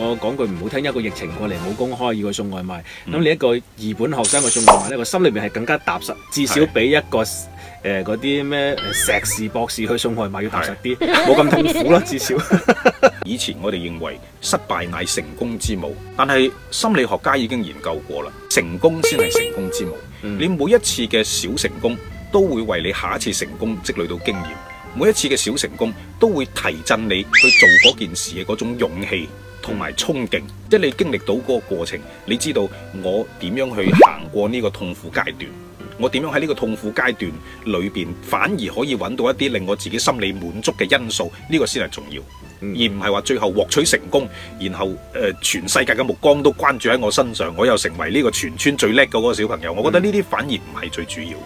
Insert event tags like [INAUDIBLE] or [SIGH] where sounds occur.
我講句唔好聽，一個疫情過嚟冇公開要去送外賣，咁、嗯、你一個二本學生去送外賣咧，個心裏面係更加踏實，至少比一個誒嗰啲咩碩士博士去送外賣要踏實啲，冇咁是的 痛苦啦。 [LAUGHS] 至少 [LAUGHS] 以前我哋認為失敗乃成功之母，但係心理學家已經研究過啦，成功先係成功之母。嗯、你每一次嘅小成功，都會為你下一次成功積累到經驗。每一次嘅小成功，都會提振你去做嗰件事嘅嗰種勇氣同埋衝勁。即係你經歷到嗰個過程，你知道我點樣去行過呢個痛苦階段。我點樣喺呢個痛苦階段裏邊，反而可以揾到一啲令我自己心理滿足嘅因素。呢、呢個先係重要，嗯、而唔係話最後獲取成功，然後誒、呃、全世界嘅目光都關注喺我身上，我又成為呢個全村最叻嘅嗰個小朋友。我覺得呢啲反而唔係最主要。